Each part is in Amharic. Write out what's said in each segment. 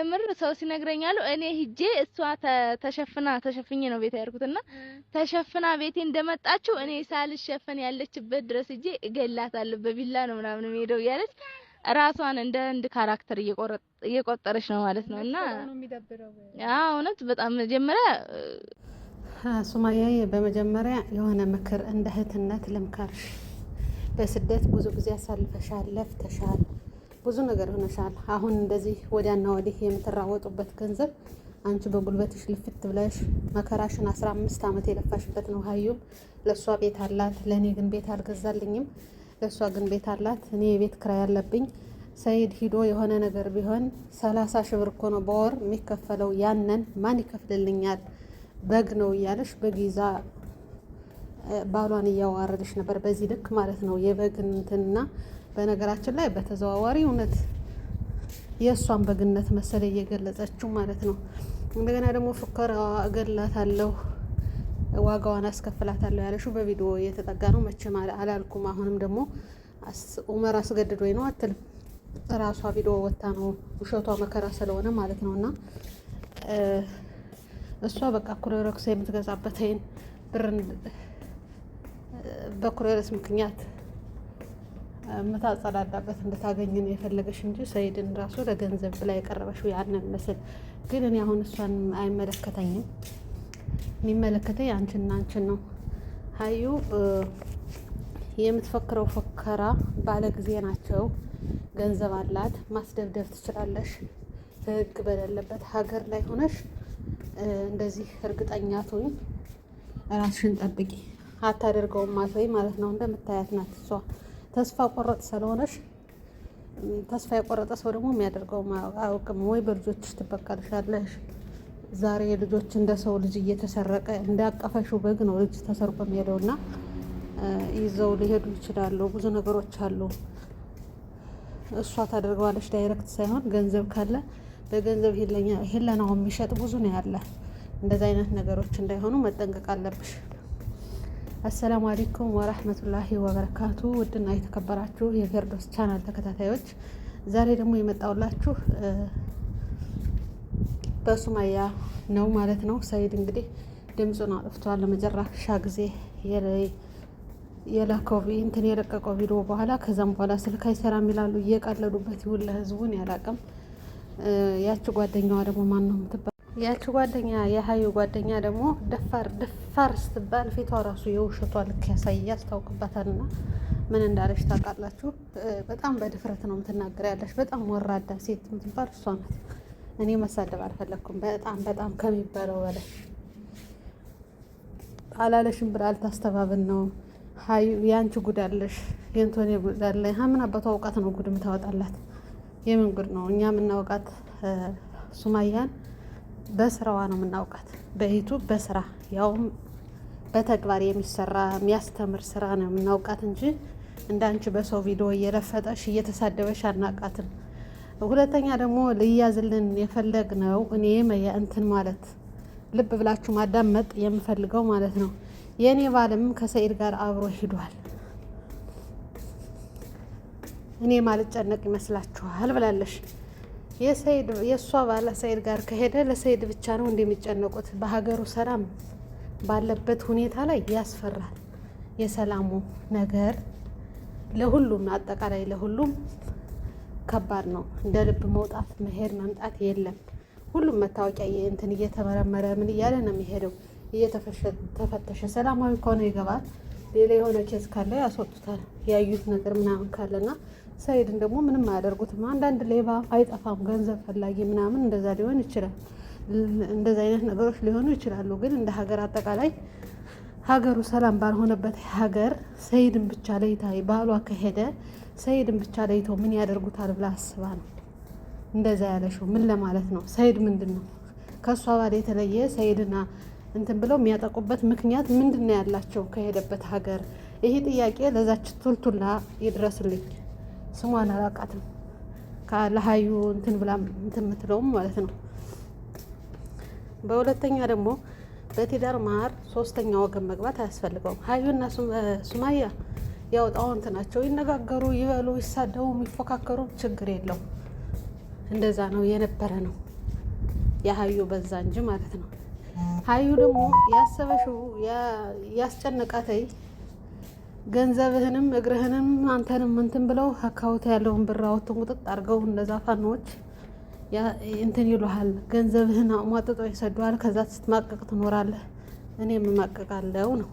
የምር ሰው ሲነግረኝ እኔ ሂጄ እሷ ተሸፍና ተሸፍኜ ነው ቤት ያርኩትና ተሸፍና ቤቴ እንደመጣችው እኔ ሳልሸፈን ያለችበት ድረስ ሂጄ እገላታለሁ በቢላ ነው ምናምን የምሄደው እያለች ራሷን እንደ አንድ ካራክተር እየቆጠረች ነው ማለት ነው። እና አዎ እውነት በጣም መጀመሪያ ሱማያ በመጀመሪያ የሆነ ምክር እንደ እህትነት ልምከርሽ። በስደት ብዙ ጊዜ አሳልፈሻል፣ ለፍተሻል ብዙ ነገር ሆነሻል። አሁን እንደዚህ ወዲያና ወዲህ የምትራወጡበት ገንዘብ አንቺ በጉልበትሽ ልፍት ብለሽ መከራሽን አስራ አምስት ዓመት የለፋሽበት ነው። ሀዩም ለእሷ ቤት አላት፣ ለእኔ ግን ቤት አልገዛልኝም። ለእሷ ግን ቤት አላት፣ እኔ የቤት ክራይ ያለብኝ ሰይድ ሂዶ የሆነ ነገር ቢሆን ሰላሳ ሺህ ብር እኮ ነው በወር የሚከፈለው። ያንን ማን ይከፍልልኛል? በግ ነው እያለሽ በግ ይዛ ባሏን እያዋረደች ነበር። በዚህ ልክ ማለት ነው የበግ እንትንና በነገራችን ላይ በተዘዋዋሪ እውነት የእሷን በግነት መሰለ እየገለጸችው ማለት ነው። እንደገና ደግሞ ፉከራዋ እገላታለሁ፣ ዋጋዋን አስከፍላታለሁ ያለሽው በቪዲዮ እየተጠጋ ነው መቼም አላልኩም። አሁንም ደግሞ ኡመር አስገድዶኝ ነው አትልም። ራሷ ቪዲዮ ወታ ነው ውሸቷ መከራ ስለሆነ ማለት ነው። እና እሷ በቃ የምትገዛበት ይን ብርን በኩሬረስ ምክንያት የምታጸዳዳበት እንድታገኝ ነው የፈለገሽ እንጂ ሰይድን ራሱ ለገንዘብ ብላ የቀረበሽው ያንን ምስል ግን እኔ አሁን እሷን አይመለከተኝም። የሚመለከተኝ አንቺና አንቺን ነው። ሀዩ የምትፈክረው ፎከራ ባለ ጊዜ ናቸው። ገንዘብ አላት። ማስደብደብ ትችላለሽ። ህግ በሌለበት ሀገር ላይ ሆነሽ እንደዚህ እርግጠኛ ትሁኝ፣ ራስሽን ጠብቂ። አታደርገውም ወይ ማለት ነው። እንደምታያት ናት እሷ ተስፋ ቆረጥ ስለሆነሽ ተስፋ የቆረጠ ሰው ደግሞ የሚያደርገው አያውቅም። ወይ በልጆችሽ ትበቀልሻለሽ። ዛሬ ልጆች እንደ ሰው ልጅ እየተሰረቀ እንዳቀፈሽው በግ ነው ልጅ ተሰርቆ የሚሄደው እና ይዘው ሊሄዱ ይችላሉ። ብዙ ነገሮች አሉ። እሷ ታደርገዋለች ዳይሬክት ሳይሆን ገንዘብ ካለ በገንዘብ ሄለናው የሚሸጥ ብዙ ነው ያለ። እንደዚ አይነት ነገሮች እንዳይሆኑ መጠንቀቅ አለብሽ። አሰላሙ አሌይኩም ወረህመቱላሂ ወበረካቱ። ውድና የተከበራችሁ የፌርዶስ ቻናል ተከታታዮች ዛሬ ደግሞ የመጣውላችሁ በሱማያ ነው ማለት ነው። ሰይድ እንግዲህ ድምፁን አጥፍቷል። ለመጨረሻ ጊዜ የላከው እንትን የለቀቀው ቪዲዮ በኋላ ከዛም በኋላ ስልክ አይሰራም ይላሉ። እየቀለዱበት ይሁን ለህዝቡን ያላቅም። ያቺ ጓደኛዋ ደግሞ ማን ነው የምትባል? ያቺ ጓደኛ የሀዩ ጓደኛ ደግሞ ደፋር ደፍ ፈር ስትባል ፊቷ ራሱ የውሸቷ ልክ ያሳያል፣ ታውቅባታልና ምን እንዳለች ታውቃላችሁ። በጣም በድፍረት ነው የምትናገር ያለች በጣም ወራዳ ሴት የምትባል እሷ ናት። እኔ መሳደብ አልፈለግኩም። በጣም በጣም ከሚባለው በላይ አላለሽም ብላ አልታስተባብን ነው የአንቺ ጉዳለሽ የንቶኔ ጉዳለ ምን አባቷ እውቀት ነው ጉድ የምታወጣላት? የምን ጉድ ነው? እኛ የምናውቃት ሱማያን በስራዋ ነው የምናውቃት በይቱ በስራ ያውም በተግባር የሚሰራ የሚያስተምር ስራ ነው የምናውቃት እንጂ እንዳንቺ በሰው ቪዲዮ እየለፈጠሽ እየተሳደበሽ አናውቃትም። ሁለተኛ ደግሞ ልያዝልን የፈለግ ነው እኔ እንትን ማለት ልብ ብላችሁ ማዳመጥ የምፈልገው ማለት ነው። የእኔ ባልም ከሰኢድ ጋር አብሮ ሂዷል። እኔ ማልጨነቅ ይመስላችኋል ብላለሽ። የእሷ ባል ሰኢድ ጋር ከሄደ ለሰኢድ ብቻ ነው እንደሚጨነቁት በሀገሩ ሰላም ባለበት ሁኔታ ላይ ያስፈራል። የሰላሙ ነገር ለሁሉም አጠቃላይ ለሁሉም ከባድ ነው። እንደ ልብ መውጣት መሄድ መምጣት የለም። ሁሉም መታወቂያ እንትን እየተመረመረ ምን እያለ ነው የሚሄደው? እየተፈተሸ ሰላማዊ ከሆነ ይገባል። ሌላ የሆነ ኬዝ ካለ ያስወጡታል። ያዩት ነገር ምናምን ካለና ሰይድን ደግሞ ምንም አያደርጉትም። አንዳንድ ሌባ አይጠፋም፣ ገንዘብ ፈላጊ ምናምን እንደዛ ሊሆን ይችላል። እንደዚህ አይነት ነገሮች ሊሆኑ ይችላሉ። ግን እንደ ሀገር አጠቃላይ ሀገሩ ሰላም ባልሆነበት ሀገር ሰይድን ብቻ ለይታ ባሏ ከሄደ ሰይድን ብቻ ለይተው ምን ያደርጉታል ብላ አስባ ነው እንደዛ ያለሽው። ምን ለማለት ነው? ሰይድ ምንድን ነው ከእሷ ባል የተለየ ሰይድና እንትን ብለው የሚያጠቁበት ምክንያት ምንድን ነው ያላቸው ከሄደበት ሀገር? ይሄ ጥያቄ ለዛች ቱልቱላ ይድረስልኝ። ስሟን አላውቃትም። ከለሀዩ እንትን ብላ እንትን የምትለውም ማለት ነው በሁለተኛ ደግሞ በትዳር መሀል ሶስተኛ ወገን መግባት አያስፈልገውም። ሀዩና ሱማያ ያው ጣውንት ናቸው። ይነጋገሩ፣ ይበሉ፣ ይሳደቡ፣ የሚፎካከሩ ችግር የለው እንደዛ ነው የነበረ ነው የሀዩ በዛ እንጂ ማለት ነው። ሀዩ ደግሞ ያሰበሽው ያስጨነቃተይ ገንዘብህንም እግርህንም አንተንም እንትን ብለው አካውንት ያለውን ብር አውጥተው ቁጥጥ አድርገው እነዛ ፋኖዎች እንትን ይሉሃል፣ ገንዘብህን አሟጥጦ ይሰዱሃል። ከዛ ስትማቀቅ ትኖራለህ። እኔ የምማቀቃለው ነው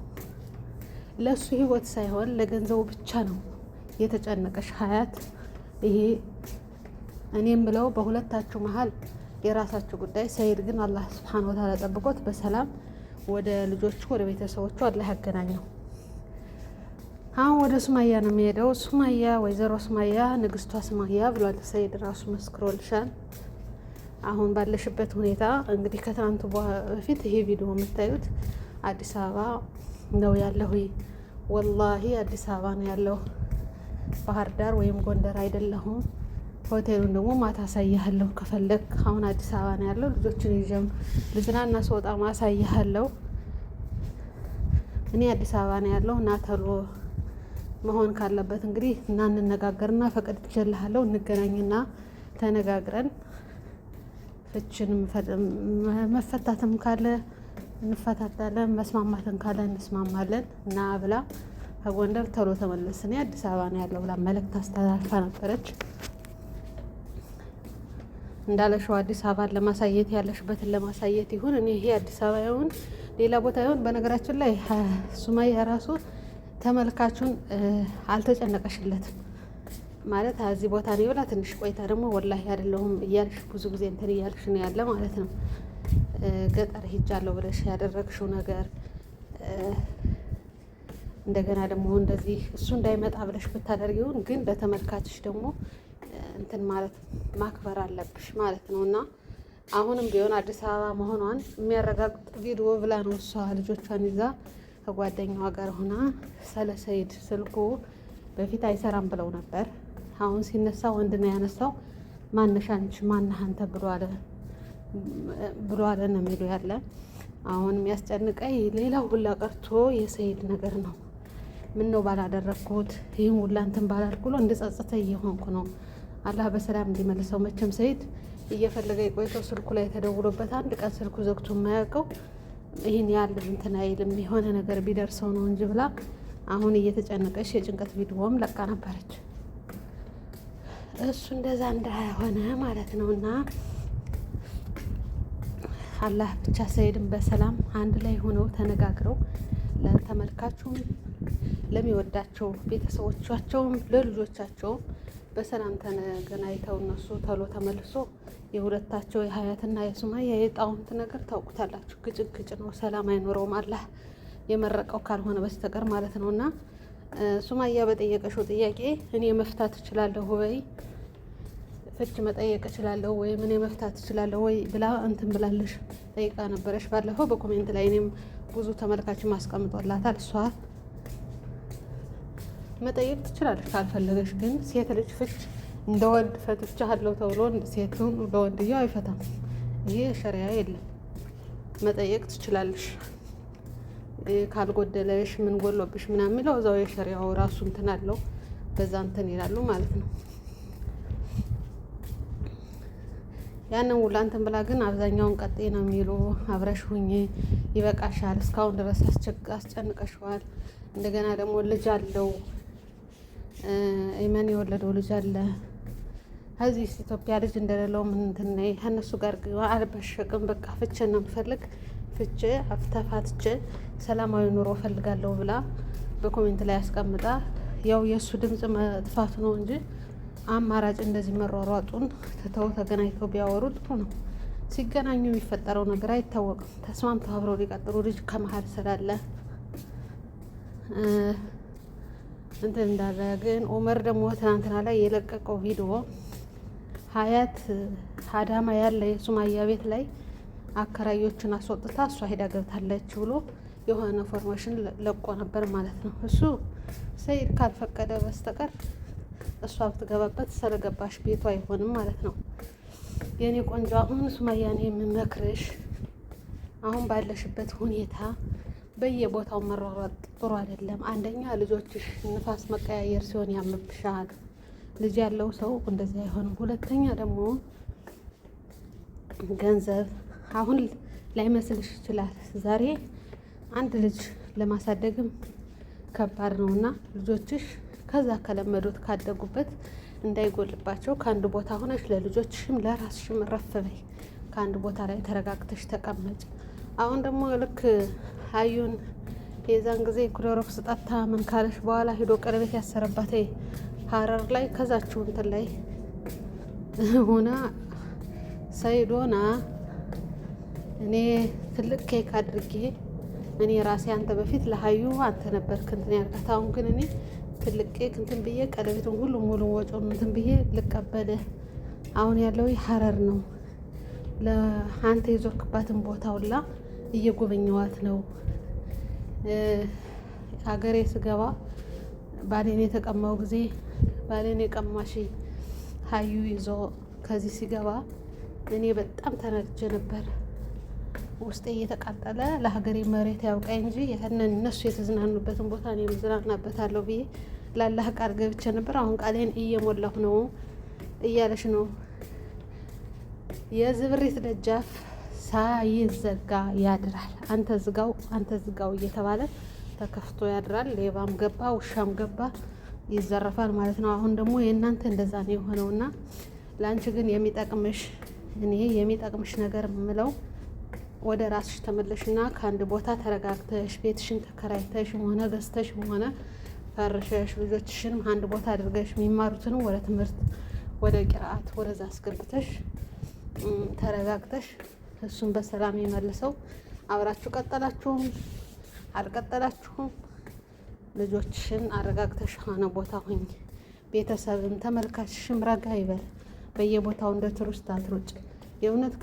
ለእሱ ህይወት ሳይሆን ለገንዘቡ ብቻ ነው የተጨነቀሽ ሀያት። ይሄ እኔም ብለው በሁለታችሁ መሀል የራሳችሁ ጉዳይ። ሰይድ ግን አላህ ስብሓን ወታላ ጠብቆት በሰላም ወደ ልጆቹ ወደ ቤተሰቦቹ አላህ ያገናኘው። አሁን ወደ ሱማያ ነው የሚሄደው። ሱማያ ወይዘሮ ሱማያ ንግስቷ ሱማያ ብሏል ሰይድ ራሱ መስክሮልሻል። አሁን ባለሽበት ሁኔታ እንግዲህ ከትናንቱ በፊት ይሄ ቪዲዮ የምታዩት አዲስ አበባ ነው ያለሁ። ወላሂ አዲስ አበባ ነው ያለሁ፣ ባህር ዳር ወይም ጎንደር አይደለሁም። ሆቴሉን ደግሞ ማታ አሳይሃለሁ ከፈለግ። አሁን አዲስ አበባ ነው ያለው። ልጆችን ይዤም ልዝናና ስወጣ ማሳይሃለሁ። እኔ አዲስ አበባ ነው ያለው እና ተሎ መሆን ካለበት እንግዲህ እና እንነጋገርና ፈቀድቼልሃለሁ። እንገናኝና ተነጋግረን ፍችን መፈታትም ካለ እንፈታታለን፣ መስማማትን ካለ እንስማማለን እና ብላ ከጎንደር ቶሎ ተመለስ፣ እኔ አዲስ አበባ ነው ያለው ብላ መልእክት አስተላልፋ ነበረች። እንዳለሽው አዲስ አበባን ለማሳየት ያለሽበትን ለማሳየት ይሁን እኔ ይሄ አዲስ አበባ ይሁን ሌላ ቦታ ይሁን። በነገራችን ላይ ሱማያ ራሱ ተመልካቹን አልተጨነቀሽለትም። ማለት እዚህ ቦታ ነው ብላ ትንሽ ቆይታ ደግሞ ወላሂ አይደለሁም እያልሽ ብዙ ጊዜ እንትን እያልሽ ነው ያለ ማለት ነው። ገጠር ሂጃለሁ ብለሽ ያደረግሽው ነገር እንደገና ደግሞ እንደዚህ እሱ እንዳይመጣ ብለሽ ብታደርጊውን ግን ለተመልካችሽ ደግሞ እንትን ማለት ማክበር አለብሽ ማለት ነው እና አሁንም ቢሆን አዲስ አበባ መሆኗን የሚያረጋግጥ ቪዲዮ ብላ ነው እሷ ልጆቿን ይዛ ከጓደኛዋ ጋር ሆና ስለ ሰኢድ ስልኩ በፊት አይሰራም ብለው ነበር። አሁን ሲነሳ ወንድ ነው ያነሳው። ማነሻ አንቺ ማነህ አንተ ብሏለ ነው የሚሉ ያለ። አሁን የሚያስጨንቀኝ ሌላው ሁላ ቀርቶ የሰይድ ነገር ነው። ምን ነው ባላደረግኩት ይህን ሁላ እንትን ባላልኩ ብሎ እንድጸጸተ እየሆንኩ ነው። አላህ በሰላም እንዲመልሰው። መቼም ሰይድ እየፈለገ የቆይተው ስልኩ ላይ ተደውሎበት አንድ ቀን ስልኩ ዘግቶ የማያውቀው ይህን ያህል እንትን አይልም። የሆነ ነገር ቢደርሰው ነው እንጂ ብላ አሁን እየተጨነቀች የጭንቀት ቪዲዮም ለቃ ነበረች። እሱ እንደዛ እንዳሆነ ማለት ነው እና አላህ ብቻ ሰይድን በሰላም አንድ ላይ ሆነው ተነጋግረው ለተመልካቹም ለሚወዳቸው ቤተሰቦቻቸውም ለልጆቻቸውም በሰላም ተገናኝተው እነሱ ተሎ ተመልሶ የሁለታቸው የሀያትና የሱማያ የጣውንት ነገር ታውቁታላችሁ። ግጭግጭ ነው፣ ሰላም አይኖረውም። አላህ የመረቀው ካልሆነ በስተቀር ማለት ነው እና ሱማያ በጠየቀሽው ጥያቄ እኔ መፍታት እችላለሁ ወይ ፍች መጠየቅ እችላለሁ ወይ ምን መፍታት እችላለሁ ወይ ብላ እንትን ብላለሽ ጠይቃ ነበረሽ ባለፈው በኮሜንት ላይ እኔም ብዙ ተመልካች ማስቀምጦላታል። እሷ መጠየቅ ትችላለች ካልፈለገች። ግን ሴት ልጅ ፍች እንደ ወንድ ፈትቻለሁ ተብሎ ሴቱን በወንድየው አይፈታም። ይሄ ሸሪያ የለም። መጠየቅ ትችላለሽ ካልጎደለሽ ምን ጎሎብሽ ምናምን የሚለው እዛው የሸሪያው ራሱ እንትን አለው። በዛ እንትን ይላሉ ማለት ነው። ያንን ውላ እንትን ብላ ግን አብዛኛውን ቀጤ ነው የሚሉ አብረሽ ሁኝ ይበቃሻል፣ እስካሁን ድረስ አስጨንቀሸዋል። እንደገና ደግሞ ልጅ አለው ኢመን የወለደው ልጅ አለ። ከዚህ ኢትዮጵያ ልጅ እንደሌለው ምንትነ ከእነሱ ጋር አልበሸቅም። በቃ ፍቼ ነው የምፈልግ ፍቼ አፍተፋትቼ ሰላማዊ ኑሮ ፈልጋለሁ ብላ በኮሜንት ላይ አስቀምጣ ያው የእሱ ድምፅ መጥፋቱ ነው እንጂ አማራጭ እንደዚህ መሯሯጡን ትተው ተገናኝተው ቢያወሩ ጥሩ ነው። ሲገናኙ የሚፈጠረው ነገር አይታወቅም። ተስማምተው አብረው ሊቀጥሩ ልጅ ከመሀል ስላለ እንትን እንዳለ ግን ኦመር ደግሞ ትናንትና ላይ የለቀቀው ቪዲዮ ሀያት አዳማ ያለ የሱማያ ቤት ላይ አከራዮችን አስወጥታ እሷ ሄዳ ገብታለች ብሎ የሆነ ኢንፎርሜሽን ለቆ ነበር ማለት ነው። እሱ ሰይድ ካልፈቀደ በስተቀር እሷ ብትገባበት ስለገባሽ ቤቱ አይሆንም ማለት ነው። የእኔ ቆንጆ አሁን ሱመያን የምመክርሽ አሁን ባለሽበት ሁኔታ በየቦታው መሯሯጥ ጥሩ አይደለም። አንደኛ ልጆችሽ ንፋስ መቀያየር ሲሆን ያምብሻል። ልጅ ያለው ሰው እንደዚህ አይሆንም። ሁለተኛ ደግሞ ገንዘብ አሁን ላይመስልሽ ይችላል። ዛሬ አንድ ልጅ ለማሳደግም ከባድ ነው እና ልጆችሽ ከዛ ከለመዱት ካደጉበት እንዳይጎልባቸው ከአንድ ቦታ ሆነሽ ለልጆችሽም ለራስሽም ረፍ በይ። ከአንድ ቦታ ላይ ተረጋግተሽ ተቀመጭ። አሁን ደግሞ ልክ አዩን የዛን ጊዜ ክሎሮክስ ጠታ ምን ካለሽ በኋላ ሂዶ ቀለበት ያሰረባት ሀረር ላይ ከዛችሁ እንትን ላይ ሆና ሰይዶና እኔ ትልቅ ኬክ አድርጌ እኔ ራሴ አንተ በፊት ለሀዩ አንተ ነበርክ እንትን ያልካት፣ አሁን ግን እኔ ልቄ እንትን ብዬ ቀለቤቱን ሁሉ ሙሉ ወጮ እንትን ብዬ ልቀበልህ። አሁን ያለው ሀረር ነው። ለአንተ የዞርክባትን ቦታ ሁላ እየጎበኘዋት ነው። ሀገሬ ስገባ ባሌን የተቀማው ጊዜ ባሌን የቀማሽ ሀዩ ይዞ ከዚህ ሲገባ እኔ በጣም ተናድጄ ነበር። ውስጤ እየተቃጠለ ለሀገሬ መሬት ያውቃይ እንጂ ያንን እነሱ የተዝናኑበትን ቦታ እኔ እዝናናበታለሁ ብዬ ላላህ ቃል ገብቼ ነበር። አሁን ቃሌን እየሞላሁ ነው እያለች ነው። የዝብሪት ደጃፍ ሳይዘጋ ያድራል። አንተ ዝጋው፣ አንተ ዝጋው እየተባለ ተከፍቶ ያድራል። ሌባም ገባ፣ ውሻም ገባ ይዘረፋል ማለት ነው። አሁን ደግሞ የእናንተ እንደዛ ነው የሆነውና ለአንቺ ግን የሚጠቅምሽ እኔ የሚጠቅምሽ ነገር ምለው ወደ ራስሽ ተመለሽና ከአንድ ቦታ ተረጋግተሽ ቤትሽን ተከራይተሽ ሆነ ገዝተሽ ሆነ ፈርሸሽ ልጆችሽንም አንድ ቦታ አድርገሽ የሚማሩትንም ወደ ትምህርት ወደ ቂርአት ወደዛ አስገብተሽ ተረጋግተሽ እሱን በሰላም የመልሰው አብራችሁ ቀጠላችሁም አልቀጠላችሁም ልጆችሽን አረጋግተሽ ሆነ ቦታ ሁኝ። ቤተሰብም ተመልካችሽም ረጋ ይበል። በየቦታው እንደ ቱሪስት አትሩጭ። የእውነት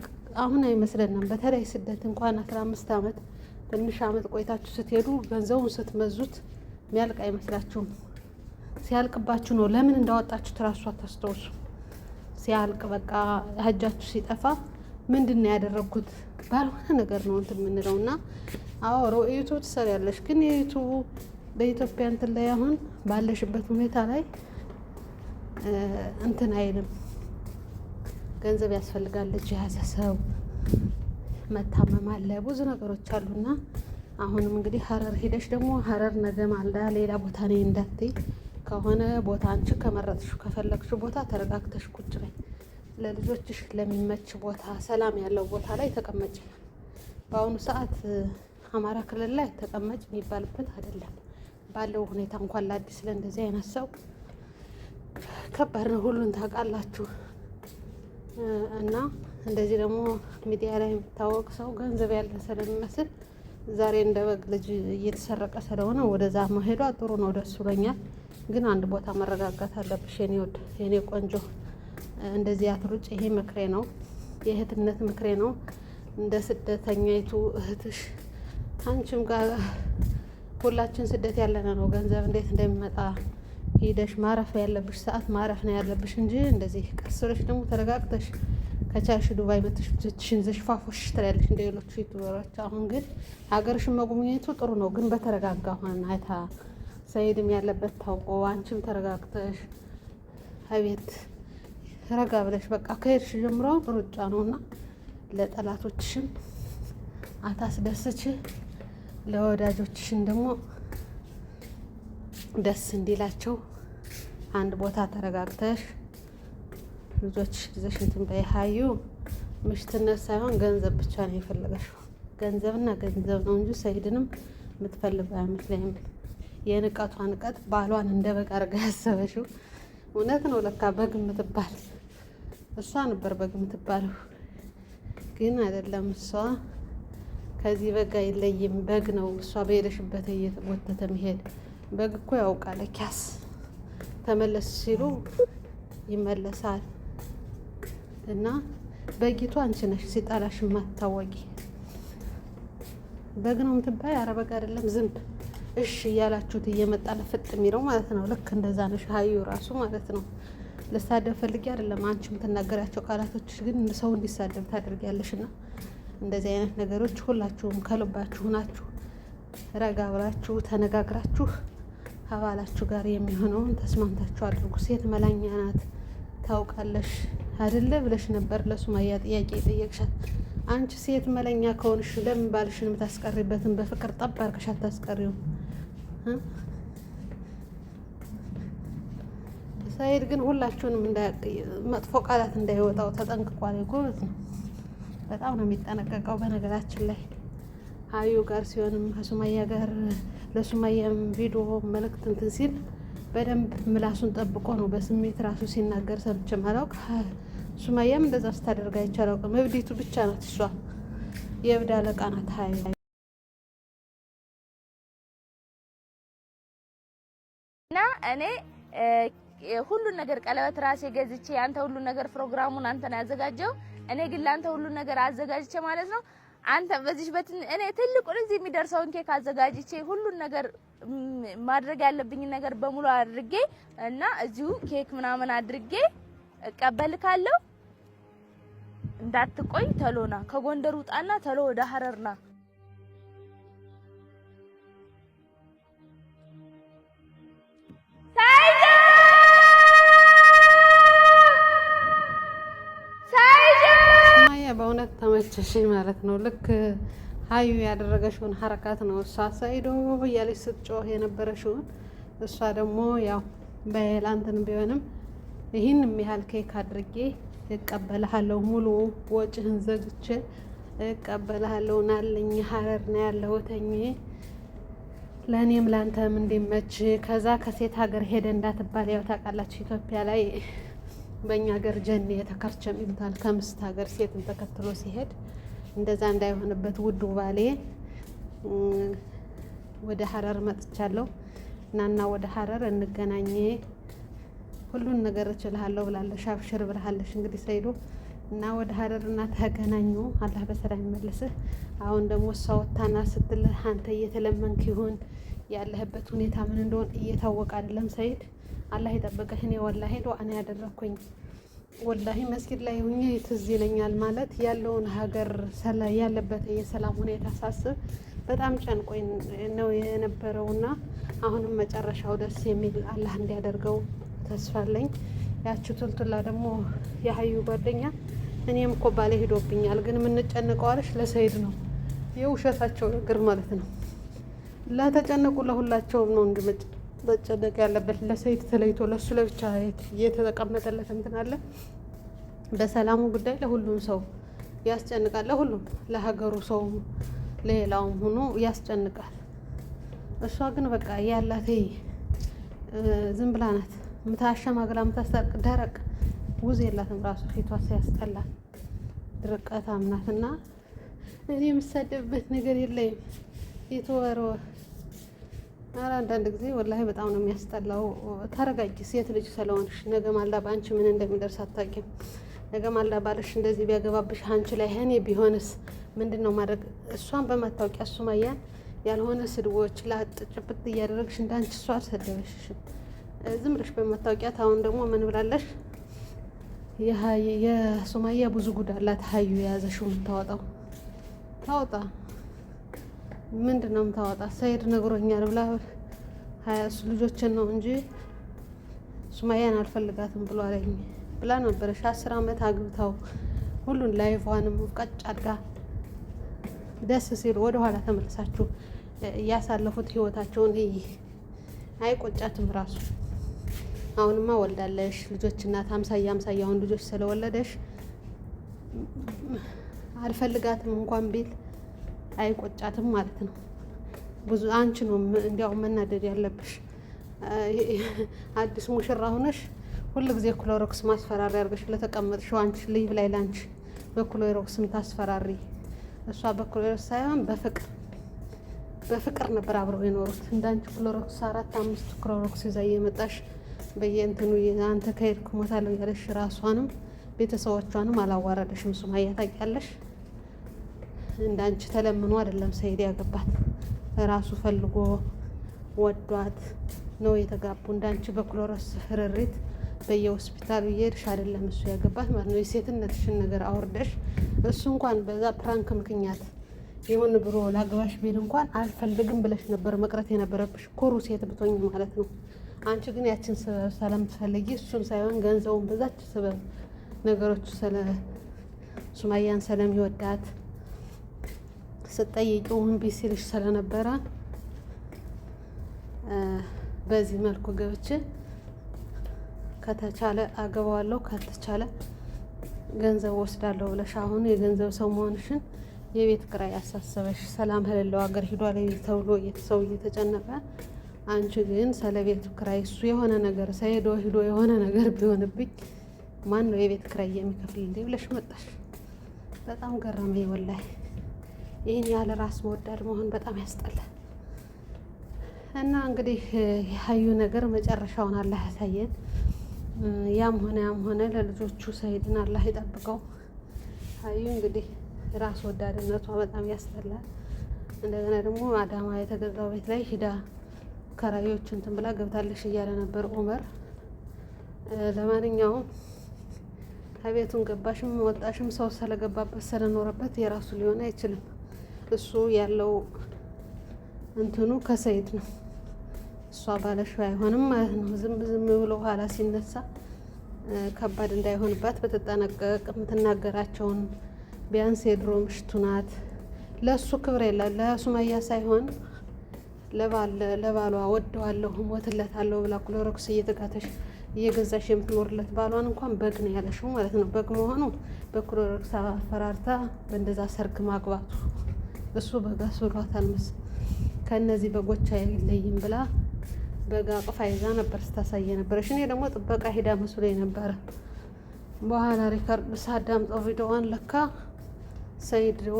አሁን አይመስለንም። በተለይ ስደት እንኳን አስራ አምስት አመት ትንሽ አመት ቆይታችሁ ስትሄዱ ገንዘቡን ስትመዙት የሚያልቅ አይመስላችሁም? ሲያልቅባችሁ ነው ለምን እንዳወጣችሁ ትራሱ አታስታውሱ። ሲያልቅ በቃ እጃችሁ ሲጠፋ ምንድን ነው ያደረግኩት ባልሆነ ነገር ነው እንትን የምንለው እና አዎ ዩቱብ ትሰሪያለሽ፣ ግን የዩቱቡ በኢትዮጵያ እንትን ላይ አሁን ባለሽበት ሁኔታ ላይ እንትን አይልም። ገንዘብ ያስፈልጋለች የያዘ ሰው መታመም አለ፣ ብዙ ነገሮች አሉና አሁንም እንግዲህ ሀረር ሄደሽ ደግሞ ሀረር ነገ ማልዳ ሌላ ቦታ ነኝ እንዳትይ ከሆነ ቦታ አንቺ ከመረጥሽ ከፈለግሽ ቦታ ተረጋግተሽ ቁጭ በይ። ለልጆችሽ ለሚመች ቦታ፣ ሰላም ያለው ቦታ ላይ ተቀመጭ። በአሁኑ ሰዓት አማራ ክልል ላይ ተቀመጭ የሚባልበት አይደለም። ባለው ሁኔታ እንኳን ለአዲስ ለእንደዚህ አይነት ሰው ከባድ ነው። ሁሉን ታውቃላችሁ እና እንደዚህ ደግሞ ሚዲያ ላይ የሚታወቅ ሰው ገንዘብ ያለ ስለሚመስል ዛሬ እንደ በግ ልጅ እየተሰረቀ ስለሆነ ወደዛ መሄዷ ጥሩ ነው፣ ደስ ብሎኛል። ግን አንድ ቦታ መረጋጋት አለብሽ የኔ ውድ የኔ ቆንጆ። እንደዚህ አትሩጭ። ይሄ ምክሬ ነው፣ የእህትነት ምክሬ ነው። እንደ ስደተኛይቱ እህትሽ አንቺም ጋር ሁላችን ስደት ያለነ ነው። ገንዘብ እንዴት እንደሚመጣ ሂደሽ ማረፍ ያለብሽ ሰዓት ማረፍ ነው ያለብሽ እንጂ እንደዚህ ቀስረሽ ደግሞ ተረጋግተሽ ከቻልሽ ዱባይ መተሽ ብትሽን ዘሽፋፎሽ ትላለሽ እንደ ሌሎቹ ዩቱበሮች። አሁን ግን ሀገርሽን መጎብኘቱ ጥሩ ነው፣ ግን በተረጋጋ ሆን አይታ ሰይድም ያለበት ታውቆ አንቺም ተረጋግተሽ አቤት ረጋ ብለሽ በቃ ከሄድሽ ጀምሮ ሩጫ ነው እና ለጠላቶችሽም አታስደስች፣ ለወዳጆችሽን ደግሞ ደስ እንዲላቸው አንድ ቦታ ተረጋግተሽ ልጆች ይዘሽ እንትን በይ ሀዩ ምሽትነት ሳይሆን ገንዘብ ብቻ ነው የፈለገሽው። ገንዘብና ገንዘብ ነው እንጂ ሰይድንም የምትፈልገው አይመስለኝም። የንቀቷ ንቀት ባሏን እንደ በግ አድርጋ ያሰበሽው እውነት ነው። ለካ በግ የምትባል እሷ ነበር በግ የምትባለው፣ ግን አይደለም። እሷ ከዚህ በግ አይለይም። በግ ነው እሷ በሄደሽበት እየወተተ መሄድ። በግ እኮ ያውቃል። ኪያስ ተመለስ ሲሉ ይመለሳል። እና በጊቱ አንቺ ነሽ ሲጠላሽ ማታወቂ በግ ነው የምትባይ። ኧረ በግ አይደለም ዝንብ። እሺ እያላችሁት እየመጣ ለፍጥ የሚለው ማለት ነው። ልክ እንደዛ ነሽ ሀዩ ራሱ ማለት ነው። ልሳደብ ፈልጌ አይደለም። አንቺ የምትናገራቸው ቃላቶች ግን ሰው እንዲሳደብ ታደርጊያለሽ። እና እንደዚህ አይነት ነገሮች ሁላችሁም ከልባችሁ ናችሁ ረጋ ብላችሁ ተነጋግራችሁ አባላችሁ ጋር የሚሆነውን ተስማምታችሁ አድርጉ። ሴት መላኛ ናት ታውቃለሽ። አደለ ብለሽ ነበር ለሱማያ ጥያቄ የጠየቅሻት። አንቺ ሴት መለኛ ከሆንሽ ለምን ባልሽን የምታስቀሪበትን በፍቅር ጠብ አድርገሽ አታስቀሪውም? ሳይድ ግን ሁላችሁንም መጥፎ ቃላት እንዳይወጣው ተጠንቅቋል። ጎበዝ ነው፣ በጣም ነው የሚጠነቀቀው። በነገራችን ላይ አዩ ጋር ሲሆንም ከሱማያ ጋር ለሱማያም ቪዲዮ መልእክት እንትን ሲል በደንብ ምላሱን ጠብቆ ነው በስሜት ራሱ ሲናገር ሰምቼም አላውቅ። ሱማያም እንደዛ ስታደርግ አይቼ አላውቅም። እብዲቱ ብቻ ናት እሷ፣ የእብድ አለቃ ናት። ሀይ እና እኔ ሁሉን ነገር ቀለበት ራሴ ገዝቼ አንተ ሁሉን ነገር ፕሮግራሙን አንተ ነው ያዘጋጀው። እኔ ግን ለአንተ ሁሉን ነገር አዘጋጅቼ ማለት ነው አንተ በዚህ በትን እኔ ትልቁን እዚህ የሚደርሰውን ኬክ አዘጋጅቼ ሁሉን ነገር ማድረግ ያለብኝ ነገር በሙሉ አድርጌ እና እዚሁ ኬክ ምናምን አድርጌ እቀበልካለሁ። እንዳትቆይ ተሎና ከጎንደር ውጣና ተሎ ወደ ሀረርና በእውነት ተመቸሽኝ ማለት ነው ልክ ሀዩ ያደረገችውን ሀረካት ነው እሷ ሳይዶ እያለች ስትጮህ የነበረችውን እሷ ደግሞ ያው በላንትን ቢሆንም ይህን የሚያህል ኬክ አድርጌ እቀበልሃለሁ፣ ሙሉ ወጭህን ዘግቼ እቀበልሃለሁ። ናለኝ ሀረር ነው ያለሁትኝ ለእኔም ላንተም እንዲመች። ከዛ ከሴት ሀገር ሄደ እንዳትባል ያው ታውቃላችሁ፣ ኢትዮጵያ ላይ በእኛ ሀገር ጀኔ የተከርቸም ይሉታል። ከምስት ሀገር ሴትን ተከትሎ ሲሄድ እንደዛ እንዳይሆንበት ውዱ ባሌ ወደ ሀረር መጥቻለሁ። እናና ወደ ሀረር እንገናኝ፣ ሁሉን ነገር እችልሃለሁ ብላለሽ፣ አብሽር ብላለሽ። እንግዲህ ሰይዶ እና ወደ ሀረር እና ተገናኙ፣ አላህ በሰላም ይመልስህ። አሁን ደግሞ እሷ ወታና ስትልህ አንተ እየተለመንክ ይሁን ያለህበት ሁኔታ ምን እንደሆን እየታወቀ አይደለም ሰይድ። አላህ የጠበቀህ። እኔ ወላሂ ዱአ ነው ያደረኩኝ። ወላሂ መስጊድ ላይ ሁኜ ትዝ ይለኛል ማለት ያለውን ሀገር ያለበት የሰላም ሁኔታ ሳስብ በጣም ጨንቆኝ ነው የነበረውና አሁንም መጨረሻው ደስ የሚል አላህ እንዲያደርገው ተስፋ አለኝ። ያቺ ቱልቱላ ደግሞ የሀዩ ጓደኛ እኔም እኮ ባሌ ሄዶብኛል፣ ግን የምንጨንቀው አለሽ ለሰይድ ነው። የውሸታቸው እግር ማለት ነው። ለተጨነቁ ለሁላቸውም ነው እንድመጭ መጨነቅ ያለበት ለሰይድ ተለይቶ ለእሱ ለብቻ የተቀመጠለት እንትን አለ። በሰላሙ ጉዳይ ለሁሉም ሰው ያስጨንቃል። ለሁሉም ለሀገሩ ሰው ሌላውም ሆኖ ያስጨንቃል። እሷ ግን በቃ ያላት ዝም ብላ ናት ምታሸማግላ የምታስታርቅ ደረቅ ውዝ የላትም። ራሱ ፊቷ ሲያስጠላ ድርቀታም ናት እና እኔ የምሳደብበት ነገር የለኝም የተወረወር ኧረ አንዳንድ ጊዜ ወላሂ በጣም ነው የሚያስጠላው። ተረጋጊ ሴት ልጅ ስለሆንሽ ነገ ማልዳ በአንቺ ምን እንደሚደርስ አታውቂም። ነገ ማልዳ ባልሽ እንደዚህ ቢያገባብሽ አንቺ ላይ እኔ ቢሆንስ ምንድን ነው ማድረግ? እሷን በማታወቂያ ሱመያን ያልሆነ ስድቦች ላጥ ጭብጥ እያደረግሽ እንዳንቺ እሷ አልሰደበሽሽም። ዝም ብለሽ በማታወቂያ አሁን ደግሞ ምን ብላለሽ? የሶማያ ብዙ ጉዳላት አላት። ሀዩ የያዘሽው የምታወጣው ታወጣ ምንድን ነው የምታወጣ? ሰይድ ነግሮኛል ብላ ሀያሱ ልጆችን ነው እንጂ ሱማያን አልፈልጋትም ብሎ አለኝ ብላ ነበረሽ። አስር አመት አግብተው ሁሉን ላይፏንም ቀጭ አድጋ ደስ ሲሉ ወደኋላ ተመልሳችሁ ያሳለፉት ህይወታቸውን እይ አይቆጫትም ራሱ። አሁንማ ወልዳለሽ ልጆች እናት አምሳያ አምሳያ አሁን ልጆች ስለወለደሽ አልፈልጋትም እንኳን ቢል አይቆጫትም ማለት ነው። ብዙ አንቺ ነው እንዲያውም መናደድ ያለብሽ። አዲስ ሙሽራ ሆነሽ ሁሉ ጊዜ ክሎሮክስ ማስፈራሪ አድርገሽ ለተቀመጥሽው አንቺ ልይ ብላይ ላንቺ በክሎሮክስ ምታስፈራሪ። እሷ በክሎሮክስ ሳይሆን በፍቅር በፍቅር ነበር አብረው የኖሩት። እንዳንቺ ክሎሮክስ አራት አምስት ክሎሮክስ ይዛ እየመጣሽ በየእንትኑ አንተ ከሄድክ ሞታለሁ እያለሽ ራሷንም ቤተሰቦቿንም አላዋረደሽም። ሱማያ ታውቂያለሽ። እንዳንቺ ተለምኖ አይደለም ሰይድ ያገባት፣ ራሱ ፈልጎ ወዷት ነው የተጋቡ። እንዳንቺ በክሎረስ ርሪት በየሆስፒታሉ እየሄድሽ አይደለም እሱ ያገባት ማለት ነው። የሴትነትሽን ነገር አውርደሽ እሱ እንኳን በዛ ፕራንክ ምክንያት ይሁን ብሎ ላግባሽ ቢል እንኳን አልፈልግም ብለሽ ነበር መቅረት የነበረብሽ ኩሩ ሴት ብቶኝ ማለት ነው። አንቺ ግን ያችን ስበብ ስለምትፈልጊ እሱን ሳይሆን ገንዘቡን በዛች ስበብ ነገሮቹ ስለ ሱማያን ስለሚወዳት ስጠይቂው እምቢ ሲልሽ ስለነበረ በዚህ መልኩ ገብቼ ከተቻለ አገባዋለሁ ከተቻለ ገንዘብ ወስዳለሁ ብለሽ አሁን የገንዘብ ሰው መሆንሽን የቤት ክራይ ያሳሰበሽ ሰላም ህልለው ሀገር ሂዷል ተብሎ ሰው እየተጨነቀ አንቺ ግን ስለ ቤት ክራይ እሱ የሆነ ነገር ሰሄዶ ሂዶ የሆነ ነገር ቢሆንብኝ ማን ነው የቤት ክራይ የሚከፍል እንዴ ብለሽ መጣሽ። በጣም ገረመኝ ወላሂ። ይህን ያለ ራስ መወዳድ መሆን በጣም ያስጠላል። እና እንግዲህ የሀዩ ነገር መጨረሻውን አላህ ያሳየን። ያም ሆነ ያም ሆነ ለልጆቹ ሰይድን አላህ ይጠብቀው። ሀዩ እንግዲህ ራስ ወዳድነቷ በጣም ያስጠላል። እንደገና ደግሞ አዳማ የተገዛው ቤት ላይ ሂዳ ከራዮች እንትን ብላ ገብታለሽ እያለ ነበር ኡመር። ለማንኛውም ከቤቱን ገባሽም ወጣሽም ሰው ስለገባበት ስለኖረበት የራሱ ሊሆን አይችልም። እሱ ያለው እንትኑ ከሰይድ ነው። እሷ ባለሽው አይሆንም ማለት ነው። ዝም ዝም ብሎ ኋላ ሲነሳ ከባድ እንዳይሆንባት በተጠናቀቅ የምትናገራቸውን ቢያንስ የድሮ ምሽቱ ናት። ለእሱ ክብር ለሱ ለሱመያ ሳይሆን ለባሏ ወደዋለሁ ሞትለታለሁ ብላ ክሎሮክስ እየተጋተሽ እየገዛሽ የምትኖርለት ባሏን እንኳን በግ ነው ያለሽው ማለት ነው። በግ መሆኑ በክሎሮክስ አፈራርታ በእንደዛ ሰርግ ማግባቱ እሱ በጋ ሱሯታል መሰል ከእነዚህ በጎች አይለይም ብላ በጋ ቅፋ ይዛ ነበር ስታሳየ ነበረች። እኔ ደግሞ ጥበቃ ሄዳ መስሎ ነበረ። በኋላ ሪከርድ ሳዳምጠው ቪዲዮዋን ለካ ሰይድዎ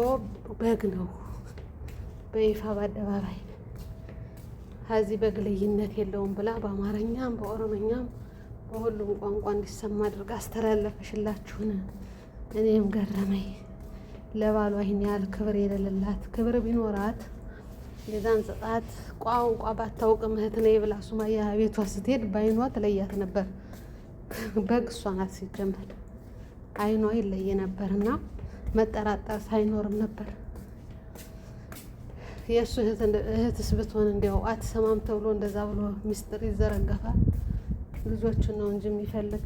በግ ነው በይፋ በአደባባይ ከዚህ በግ ልዩነት የለውም ብላ በአማርኛም በኦሮምኛም በሁሉም ቋንቋ እንዲሰማ አድርጋ አስተላለፈሽላችሁን። እኔም ገረመኝ። ለባሏ ይህን ያህል ክብር የሌለላት ክብር ቢኖራት የዛን ሰዓት ቋንቋ ባታውቅም እህት ነይ ብላ ሱማያ ቤቷ ስትሄድ በአይኗ ትለያት ነበር። በግ እሷ ናት ሲጀመር አይኗ ይለየ ነበር እና መጠራጠር ሳይኖርም ነበር። የእሱ እህትስ ብትሆን እንዲያው አትሰማም ተብሎ እንደዛ ብሎ ሚስጥር ይዘረገፋል። ልጆቹን ነው እንጂ የሚፈልግ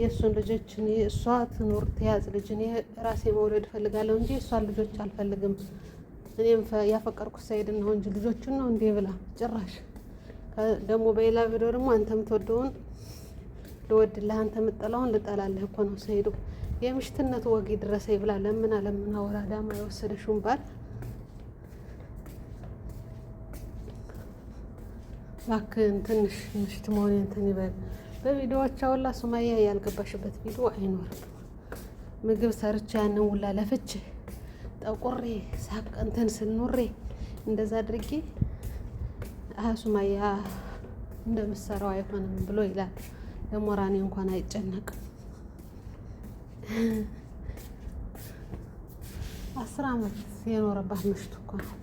የእሱን ልጆችን እሷ ትኑር ትያዝ ልጅ እኔ ራሴ መውለድ እፈልጋለሁ እንጂ እሷን ልጆች አልፈልግም። እኔም ያፈቀርኩ ሳይድ ነው እንጂ ልጆቹን ነው እንዴ ብላ ጭራሽ ደግሞ በሌላ ቪዲዮ ደግሞ አንተ የምትወደውን ልወድልህ አንተ የምጠላውን ልጠላልህ እኮ ነው ሰኢዱ የሚስትነት ወጌ ድረሰ ይብላ ለምና ለምና ወራዳ ማ የወሰደሽውን ባል እባክህን ትንሽ ምሽት መሆን እንትን ይበል። በቪዲዮዎች አውላ ሱማያ ያልገባሽበት ቪዲዮ አይኖርም። ምግብ ሰርቼ ያንን ውላ ለፍቼ ጠቁሬ ሳቅ ስኖሬ እንደዛ አድርጌ ሱማያ እንደምሰራው አይሆንም ብሎ ይላል። ለሞራኔ እንኳን አይጨነቅም። አስር አመት የኖረባት ምሽቱ እኮ ናት።